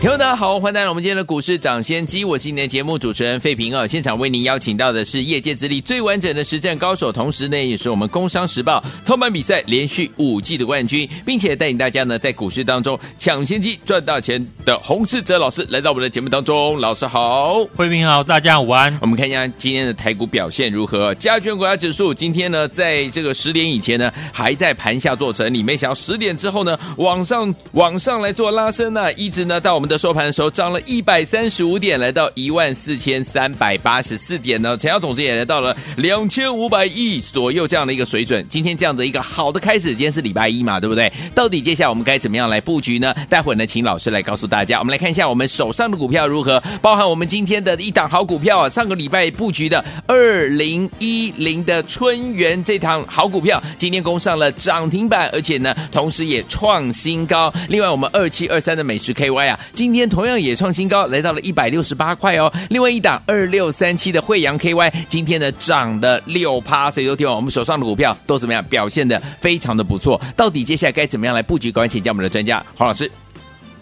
聽大家好，歡迎來到我們今天的股市漲先機。我是你的節目主持人費平哦。現場為您邀請到的是業界資歷最完整的實戰高手，同時呢，也是我們《工商時報》操盤比賽連續五季的冠軍，並且帶領大家呢在股市當中搶先機賺大錢的洪士哲老師來到我們的節目當中。老師好，費平好，大家午安。我們看一下今天的台股表現如何？加權股價指數今天呢，在這個十點以前呢，還在盤下做整理，沒想到十點之後呢，往上往上來做拉升呢、啊，一直呢到我們。的收盤的時候漲了一百三十五點，來到一萬四千三百八十四點呢。成交總之也來到了兩千五百億左右這樣的一個水準。今天這樣的一個好的開始，今天是禮拜一嘛，對不對？到底接下來我們該怎麼樣來布局呢？待會呢，請老師來告訴大家。我們來看一下我們手上的股票如何，包含我們今天的一檔好股票啊，上個禮拜布局的二零一零的春源，這檔好股票，今天攻上了漲停板，而且呢，同時也創新高。另外，我們二七二三的美食 KY 啊。今天同樣也創新高，來到了一百六十八塊哦。另外一檔二六三七的慧洋 KY，今天呢漲了六趴。所以都聽我，我們手上的股票都怎麼樣？表現得非常的不錯。到底接下來該怎麼樣來布局關？趕快請教我們的專家黃老師。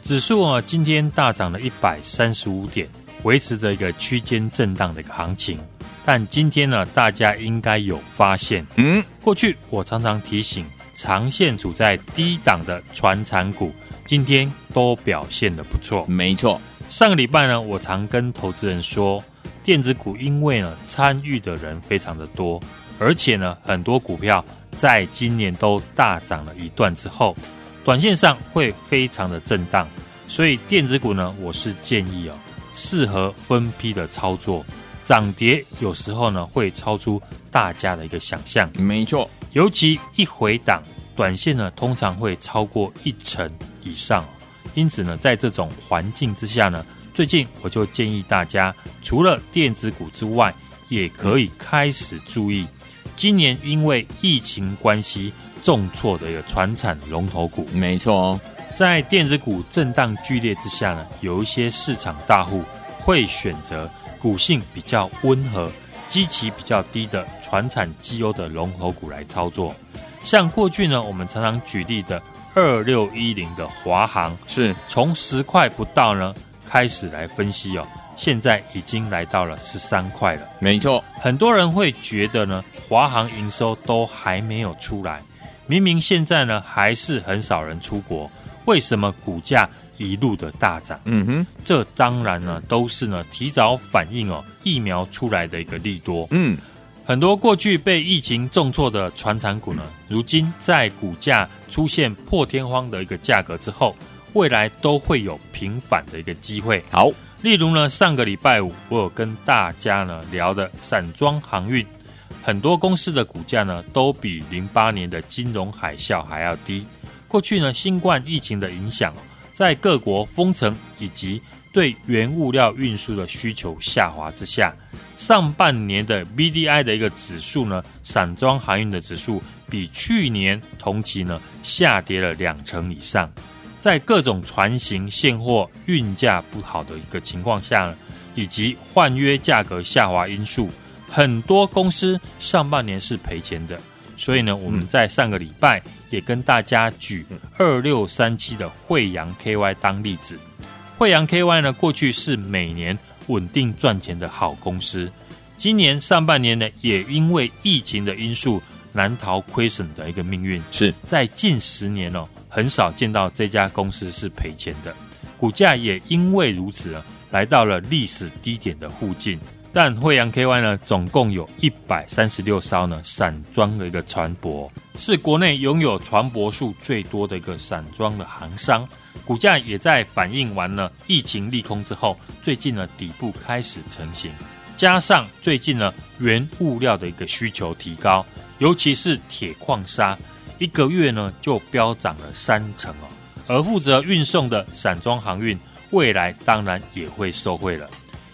指數啊，今天大漲了一百三十五點，維持着一個區間震盪的一個行情。但今天呢，大家應該有發現，嗯，過去我常常提醒，長線處在低檔的傳產股，今天都表現得不錯，沒錯。上個禮拜呢，我常跟投資人說，電子股因為呢參與的人非常的多，而且呢很多股票在今年都大漲了一段之後，短線上會非常的震盪。所以電子股呢，我是建議啊、哦，適合分批的操作。漲跌有時候呢會超出大家的一個想象，沒錯。尤其一回檔，短線呢通常會超過一成。以上，因此呢，在這種環境之下呢，最近我就建議大家，除了電子股之外，也可以開始注意、嗯、今年因為疫情關係重挫的有傳產龍頭股。沒錯、哦，在電子股震盪劇烈之下呢，有一些市場大戶會選擇股性比較溫和、基期比較低的傳產績優的龍頭股來操作。像過去呢，我們常常舉例的。二六一零的華航是從十塊不到呢開始來分析哦，現在已經來到了十三塊了。沒錯，很多人會覺得呢，華航營收都還沒有出來，明明現在呢還是很少人出國，為什麼股價一路的大漲？嗯哼，這當然呢都是呢提早反應哦，疫苗出來的一個利多。嗯。很多過去被疫情重挫的傳產股呢，如今在股價出現破天荒的一個價格之後，未來都會有平反的一個機會。好，例如呢，上個禮拜五我有跟大家呢聊的散裝航運，很多公司的股價呢都比零八年的金融海嘯還要低。過去呢，新冠疫情的影響、哦。在各國封城以及對原物料運輸的需求下滑之下，上半年的 BDI 的一個指數呢，散裝航運的指數比去年同期呢下跌了兩成以上。在各種船型現貨運價不好的一個情況下呢，以及換約價格下滑因素，很多公司上半年是賠錢的。所以呢，我們在上個禮拜、嗯。嗯也跟大家舉二六三七的慧洋 KY 當例子，慧洋 KY 呢過去是每年穩定賺錢的好公司，今年上半年呢也因為疫情的因素難逃虧損的一個命運。是在近十年哦、喔、很少見到這家公司是賠錢的，股價也因為如此啊來到了歷史低點的附近。但慧洋 KY 呢總共有一百三十六艘呢散裝的一個船舶。是國內擁有船舶數最多的一個散裝的航商，股價也在反映完了疫情利空之後，最近呢底部開始成型，加上最近呢原物料的一個需求提高，尤其是鐵礦砂，一個月呢就飆漲了三成哦。而負責運送的散裝航運，未來當然也會受惠了，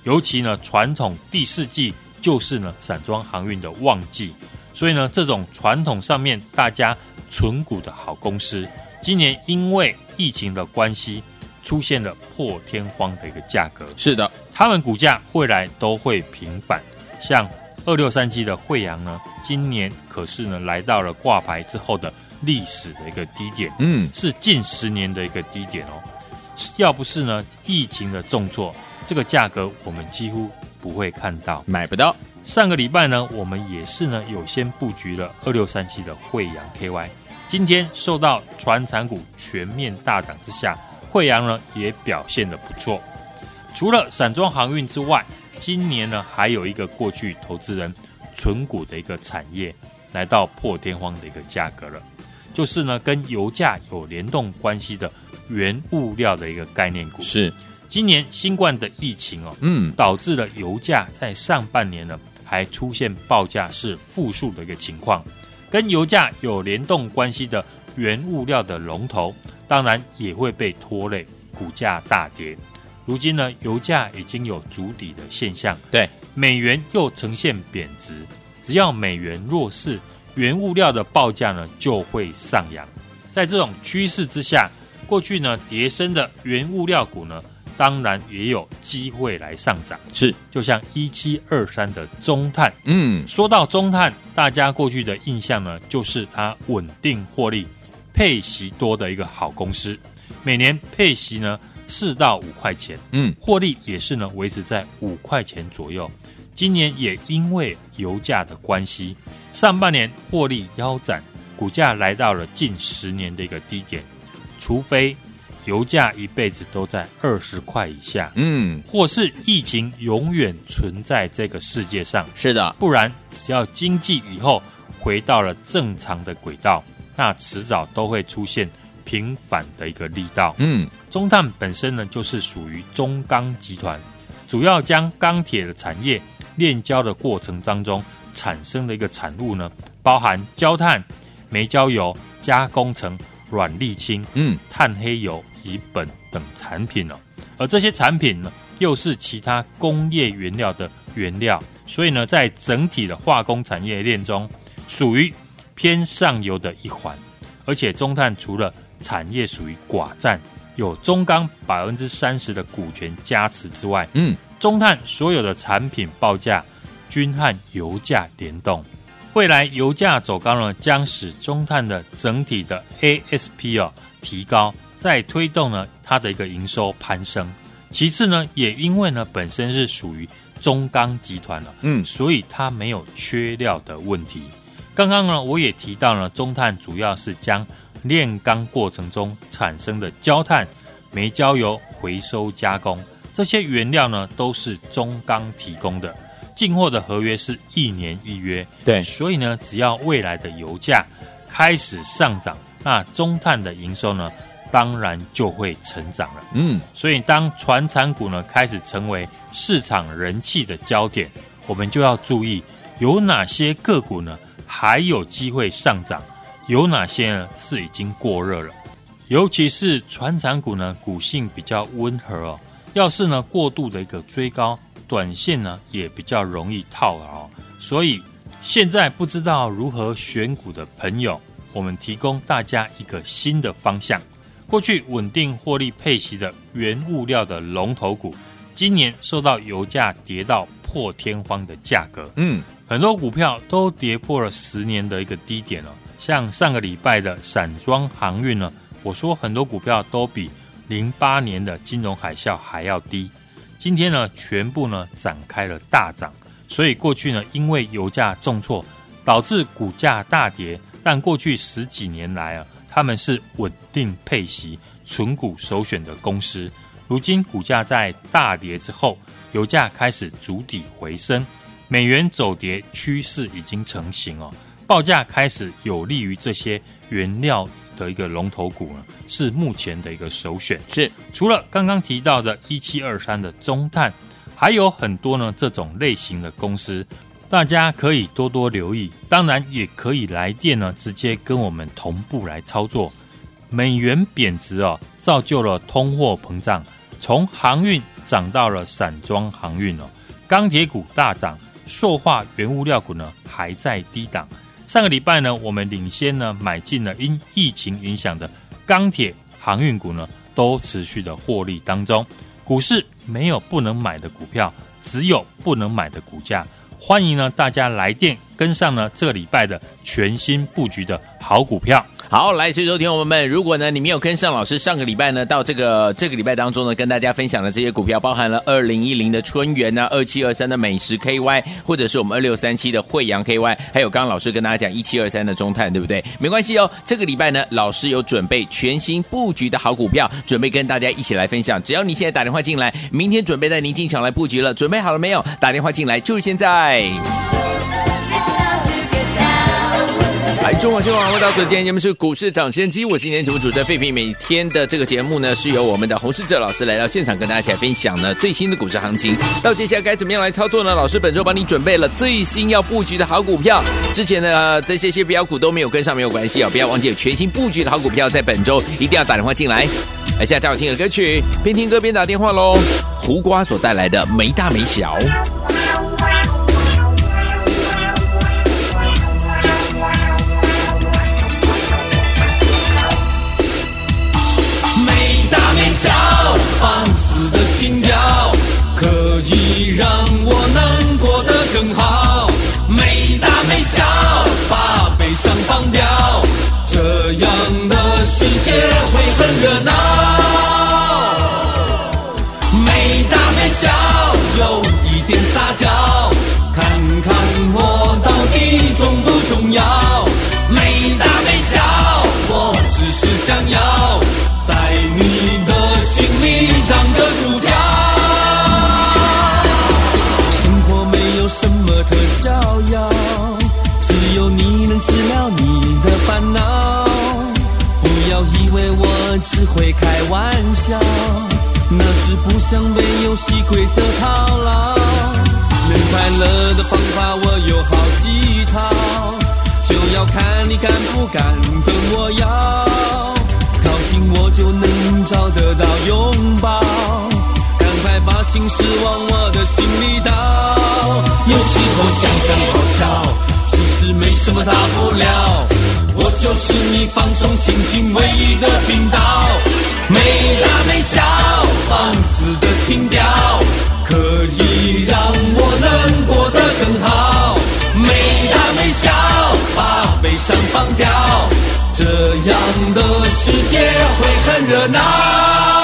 尤其呢傳統第四季就是呢散裝航運的旺季。所以呢，這種傳統上面大家存股的好公司，今年因為疫情的關係，出現了破天荒的一個價格。是的，他們股價未來都會平反。像二六三七的惠陽呢，今年可是呢來到了掛牌之後的歷史的一個低點，嗯，是近十年的一個低點哦。要不是呢疫情的重挫，這個價格我們幾乎不會看到，買不到。上個禮拜呢，我們也是呢有先布局了二六三七的慧洋 KY。今天受到傳產股全面大漲之下，慧洋呢也表現得不錯。除了散裝航運之外，今年呢還有一個過去投資人存股的一個產業來到破天荒的一個價格了，就是呢跟油價有聯動關係的原物料的一個概念股。是，今年新冠的疫情哦，嗯，導致了油價在上半年呢。還出現報價是負數的一個情況，跟油價有聯動關係的原物料的龍頭，當然也會被拖累，股價大跌。如今呢，油價已經有築底的現象，對美元又呈現貶值，只要美元弱勢，原物料的報價呢就會上揚。在這種趨勢之下，過去呢跌深的原物料股呢。當然也有機會來上漲是，是就像一七二三的中碳。嗯，說到中碳，大家過去的印象呢，就是它穩定獲利、配息多的一個好公司，每年配息呢四到五塊錢，嗯，獲利也是呢維持在五塊錢左右，今年也因為油價的關係，上半年獲利腰斬，股價來到了近十年的一個低點，除非。油價一輩子都在二十塊以下，嗯，或是疫情永遠存在這個世界上，是的，不然只要經濟以後回到了正常的軌道，那遲早都會出現平反的一個力道。嗯，中碳本身呢就是屬於中鋼集團，主要將鋼鐵的產業煉焦的過程當中產生的一個產物呢，包含焦炭、煤焦油加工成軟瀝青、嗯，碳黑油。乙苯等產品哦，而這些產品呢，又是其他工業原料的原料，所以呢，在整體的化工產業鏈中，屬於偏上游的一環。而且中碳除了產業屬於寡占，有中鋼百分之三十的股權加持之外，嗯，中碳所有的產品報價均和油價聯動，未來油價走高呢，將使中碳的整體的 ASP 哦提高。在推動呢，它的一個營收攀升。其次呢，也因為呢，本身是屬於中鋼集團了，嗯，所以它沒有缺料的問題。剛剛呢，我也提到呢，中碳主要是將煉鋼過程中產生的焦炭、煤焦油回收加工，這些原料呢都是中鋼提供的，進貨的合約是一年一約。對，所以呢，只要未來的油價開始上漲，那中碳的營收呢？當然就會成長了。嗯，所以當傳產股呢開始成為市場人氣的焦點，我們就要注意有哪些個股呢還有機會上漲，有哪些呢是已經過熱了。尤其是傳產股呢，股性比較溫和哦。要是呢過度的一個追高，短線呢也比較容易套牢。所以現在不知道如何選股的朋友，我們提供大家一個新的方向。過去穩定獲利配息的原物料的龍頭股，今年受到油價跌到破天荒的價格，嗯，很多股票都跌破了十年的一個低點了。像上個禮拜的散裝航運呢，我說很多股票都比零八年的金融海嘯還要低。今天呢，全部呢展開了大漲。所以過去呢，因為油價重挫導致股價大跌，但過去十幾年來啊。他們是穩定配息、存股首選的公司。如今股價在大跌之後，油價開始逐底回升，美元走跌趨勢已經成型哦。報價開始有利於這些原料的一個龍頭股是目前的一個首選。是除了剛剛提到的一七二三的中碳，還有很多呢這種類型的公司。大家可以多多留意，當然也可以來電呢，直接跟我們同步來操作。美元貶值，哦，造就了通貨膨脹，從航運漲到了散裝航運了，哦。鋼鐵股大漲，塑化原物料股呢還在低檔。上個禮拜呢，我們領先呢買進了因疫情影響的鋼鐵航運股呢，都持續的獲利當中。股市沒有不能買的股票，只有不能買的股價。歡迎呢，大家來電，跟上呢，這禮拜的全新布局的好股票。好，來，所以說，聽眾朋友們，如果呢，你沒有跟上老師上個禮拜呢，到這個這個禮拜當中呢，跟大家分享的這些股票，包含了二零一零的春源、啊，二七二三的美食 KY，或者是我們二六三七的慧洋 KY，還有剛剛老師跟大家講一七二三的中碳，對不對？沒關係哦，這個禮拜呢，老師有準備全新布局的好股票，準備跟大家一起來分享。只要你現在打電話進來，明天準備帶您進場來布局了，準備好了沒有？打電話進來就是現在。哎，中午好，歡迎回到我們的節目，是股市漲先機。我是今天主持的廢品。每天的這個節目呢，是由我們的洪士哲老師來到現場，跟大家一起來分享呢，最新的股市行情。到接下來該怎麼樣來操作呢？老師本周幫你準備了最新要布局的好股票，之前呢，這些些標股都沒有跟上，沒有關係哦。不要忘記有全新布局的好股票，在本周一定要打電話進來。來，現在最好聽的歌曲，邊聽歌邊打電話嘍。胡瓜所帶來的沒大沒小。只會開玩笑，那是不想被遊戲規則套牢。能快樂的方法我有好幾套，就要看你敢不敢跟我要。靠近我就能找得到擁抱，趕快把心事往我的心裡倒。有時候想想好笑，其實沒什麼大不了。我就是你放鬆心情唯一的頻道，沒大沒小，放肆的情調，可以讓我能過得更好。沒大沒小，把悲傷放掉，這樣的世界會很熱鬧。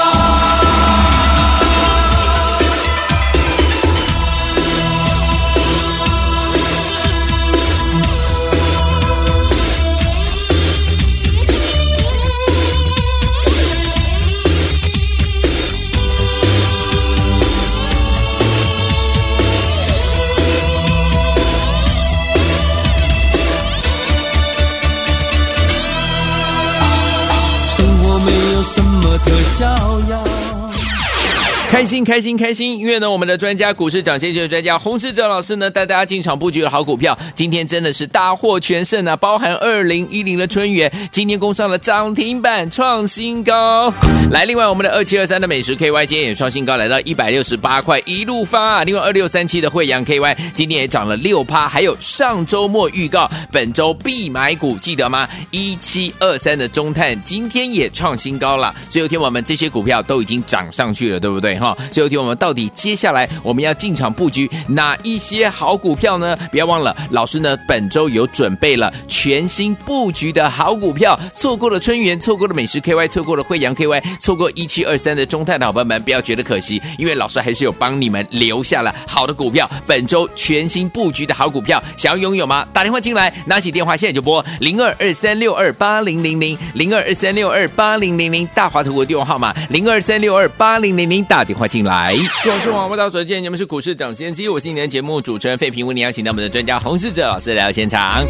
開心開心，因為呢，我們的專家股市漲先機的專家洪士哲老師呢，帶大家進場布局的好股票，今天真的是大獲全勝啊！包含二零一零的春元，今天攻上了漲停板，創新高。來，另外我們的二七二三的美食 KY 今天也創新高，來到一百六十八塊，一路發，啊。另外二六三七的慧洋 KY 今天也漲了六趴，還有上週末預告本週必買股，記得嗎？一七二三的中碳今天也創新高了。所以有聽我們這些股票都已經漲上去了，對不對哈？最後一天，我們到底接下來我們要進場布局哪一些好股票呢？不要忘了，老師呢本周有準備了全新布局的好股票，錯過了春源，錯過了美食 KY，錯過了惠陽 KY，錯過一七二三的中泰的伙伴們，不要覺得可惜，因為老師還是有幫你們留下了好的股票。本周全新布局的好股票，想要擁有嗎？打電話進來，拿起電話現在就撥零二二三六二八零零零零二二三六二八零零零大華投顧電話號碼零二三六二八零零零打電話進來。進來，我是王報道嘴，見你們是股市漲先機，我是你的節目主持人費評，為你邀請到我們的專家洪士哲老師來到現場。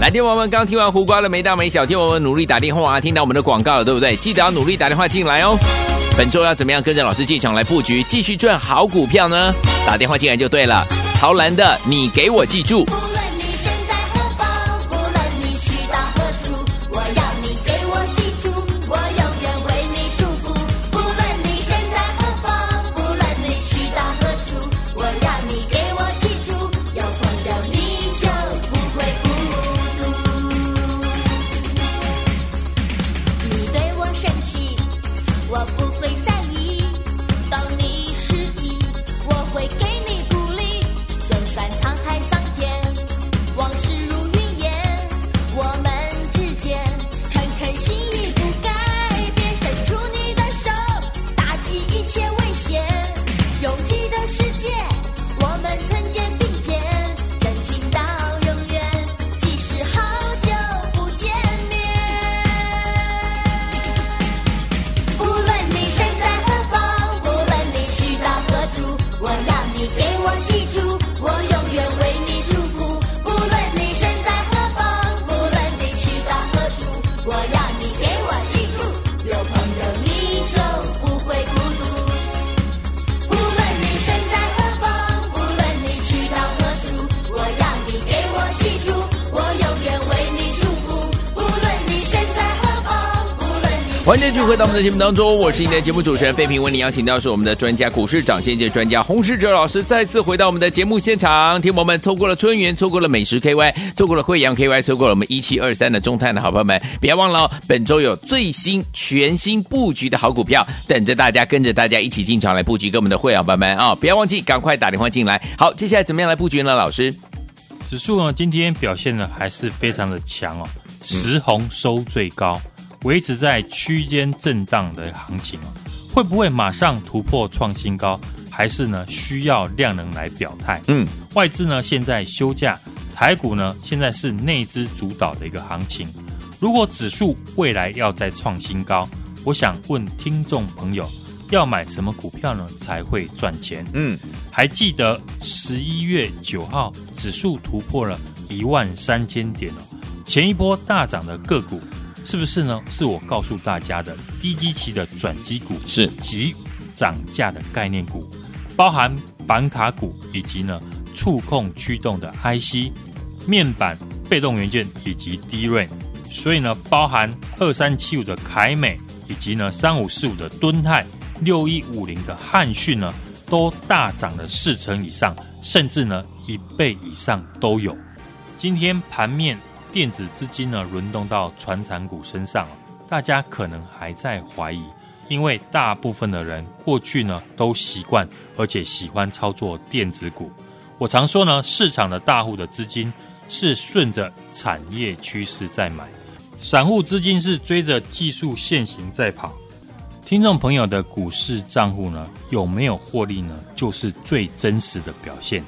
來電我們剛聽完胡瓜的沒大沒小，聽我們努力打電話，聽到我們的廣告了，對不對？記得要努力打電話進來哦。本周要怎麼樣跟着老師進場來布局，繼續賺好股票呢？打電話進來就對了，淘藍的你給我記住。又回到我們的節目當中，我是今天的節目主持人費平。為你邀請到是我們的專家，股市漲先機專家洪士哲老師再次回到我們的節目現場。聽我們錯過了春源，錯過了美食 KY，錯過了惠陽 KY，錯過了我們一七二三的中泰的好朋友們，別忘了哦，本周有最新全新布局的好股票等着大家，跟着大家一起進場來布局。跟我們的會員朋友們啊，不、哦、要忘記趕快打電話進來。好，接下來怎麼樣來布局呢？老師，指數呢，今天表現的還是非常的強哦，十紅收最高。嗯維持在區間震盪的行情喔，會不會馬上突破創新高？還是呢？需要量能來表態。嗯，外資呢現在休假，台股呢現在是內資主導的一個行情。如果指數未來要再創新高，我想問聽眾朋友，要買什麼股票呢才會賺錢？嗯，還記得十一月九號指數突破了一萬三千點哦，前一波大漲的個股。是不是呢？是我告訴大家的低基期的轉機股，是及漲價的概念股，包含板卡股以及呢觸控驅動的 IC 面板、被動元件以及 DRAM，所以呢包含二三七五的凱美以及呢三五四五的敦泰、六一五零的漢訊呢都大漲了四成以上，甚至呢一倍以上都有。今天盤面。電子資金呢輪動到傳產股身上，大家可能還在懷疑，因為大部分的人過去呢都習慣，而且喜歡操作電子股。我常說呢，市場的大戶的資金是順着產業趨勢在買，散戶資金是追着技術線型在跑。聽眾朋友的股市賬戶呢，有沒有獲利呢？就是最真實的表現。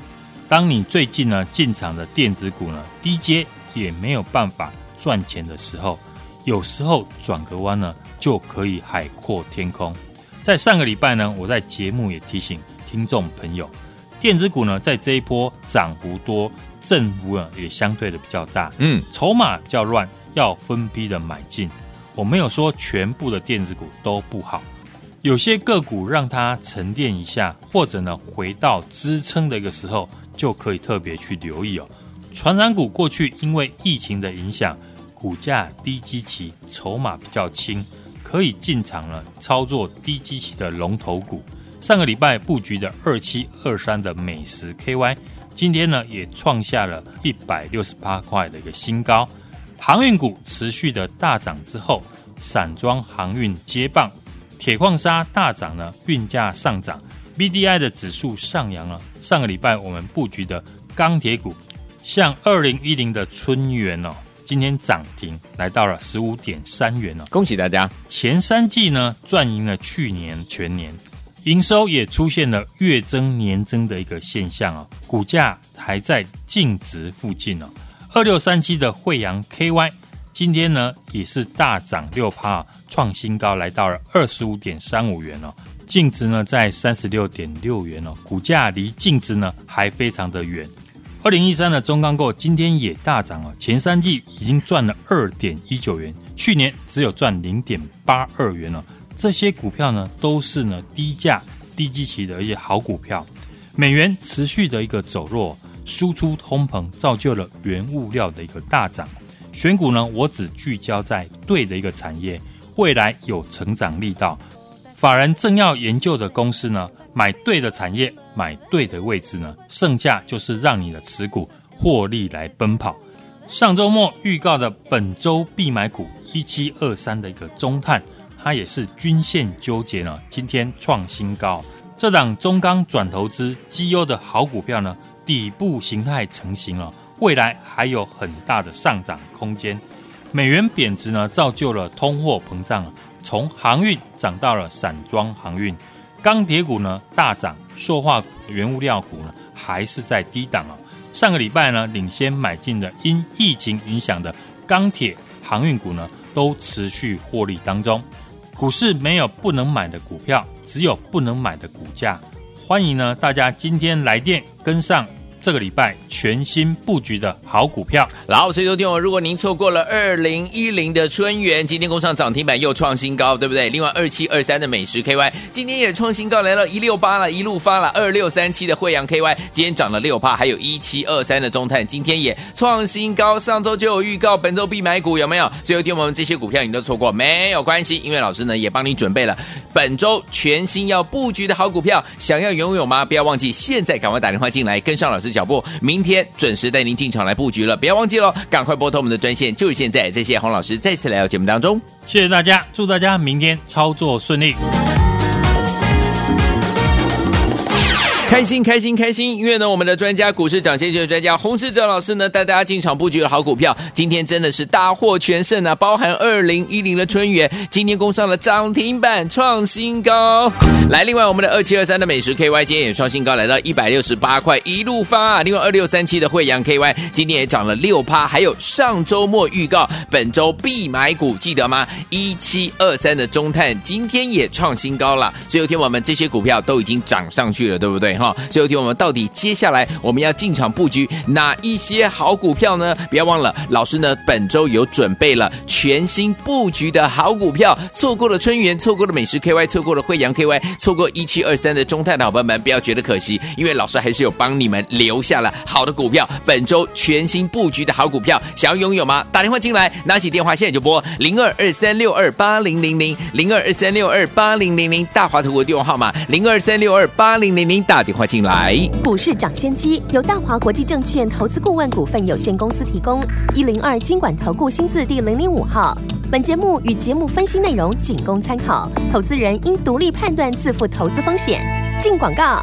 當你最近呢進場的電子股呢低階。也沒有辦法賺錢的時候，有時候轉個彎呢，就可以海闊天空。在上個禮拜呢，我在節目也提醒聽眾朋友，電子股呢，在這一波漲幅多，正幅呢也相對的比較大，嗯，籌碼較亂，要分批的買進。我沒有說全部的電子股都不好，有些個股讓它沉澱一下，或者呢回到支撐的一個時候，就可以特別去留意哦。傳產股過去因為疫情的影響，股價低基期，籌碼比較輕，可以進場了。操作低基期的龍頭股，上個禮拜布局的二七二三的美食 KY，今天呢也創下了一百六十八塊的一個新高。航運股持續的大漲之後，散裝航運接棒，鐵礦砂大漲呢，運價上漲，BDI 的指數上揚了。上個禮拜我們布局的鋼鐵股。像二零一零的春源哦，今天漲停來到了十五點三元哦，恭喜大家！前三季呢賺贏了去年全年，營收也出現了月增年增的一個現象哦，股價還在淨值附近哦。二六三七的慧洋 KY 今天呢也是大漲六趴哦，創、啊、新高來到了二十五點三五元哦，淨值呢在三十六點六元哦，股價離淨值呢還非常的遠。二零一三的中鋼構今天也大漲啊，前三季已經賺了二點一九元，去年只有賺零點八二元了。這些股票呢，都是呢低價低基期的一些好股票。美元持續的一個走弱，輸出通膨，造就了原物料的一個大漲。選股呢，我只聚焦在對的一個產業，未來有成長力道。法人正要研究的公司呢？買對的產業，買對的位置呢，剩下就是讓你的持股獲利來奔跑。上週末預告的本週必買股一七二三的一個中碳。它也是均線糾結了，今天創新高。這檔中鋼轉投資績優的好股票呢，底部形態成型了，未來還有很大的上漲空間。美元貶值呢，造就了通貨膨脹，從航運漲到了散裝航運。鋼鐵股呢，大漲，塑化原物料股呢還是在低檔啊、哦。上個禮拜呢，領先買進的因疫情影響的鋼鐵、航運股呢，都持續獲利當中。股市沒有不能買的股票，只有不能買的股價。歡迎呢大家今天來電跟上。這個禮拜全新布局的好股票，然後所以說聽我，如果您錯過了二零一零的春源，今天攻上漲停板又創新高，對不對？另外二七二三的美食 KY 今天也創新高，來到一六八了，一路發了。二六三七的慧洋 KY 今天漲了六趴，還有一七二三的中碳今天也創新高，上周就有預告，本周必買股有沒有？所以說聽我們這些股票你都錯過沒有關係，因為老師呢也幫你準備了本周全新要布局的好股票，想要擁有嗎？不要忘記現在趕快打電話進來跟上老師。腳步，明天準時帶您進場來布局了，別忘記了，趕快撥通我們的專線，就是現在。再謝謝洪老師再次來到節目當中，謝謝大家，祝大家明天操作順利。開心開心開心！因為呢，我們的專家股市漲先機專家洪士哲老師呢，帶大家進場布局的好股票，今天真的是大獲全勝啊！包含二零一零的春元，今天攻上了漲停板創新高。 來，另外我們的二七二三的美食 KY 今天也創新高，來到一百六十八塊一路發、啊。另外二六三七的慧洋 KY 今天也漲了六趴。還有上周末預告本周必買股，記得嗎？一七二三的中碳今天也創新高了。所以有天，我們這些股票都已經漲上去了，對不對？哈，最後一天，我們到底接下來我們要進場布局哪一些好股票呢？不要忘了，老師呢本週有準備了全新布局的好股票，錯過了春源，錯過了美食 KY，錯過了慧洋 KY，錯過一七二三的中碳的夥伴們，不要覺得可惜，因為老師還是有幫你們留下了好的股票。本週全新布局的好股票，想要擁有嗎？打電話進來，拿起電話現在就撥零二二三六二八零零零零二二三六二八零零零，大華投顧的電話號碼零二三六二八零零零打。電話進來，股市漲先機由大華國際證券投資顧問股份有限公司提供，一零二金管投顧新字第零零五號。本節目與節目分析內容僅供參考，投資人應獨立判斷，自負投資風險。進廣告。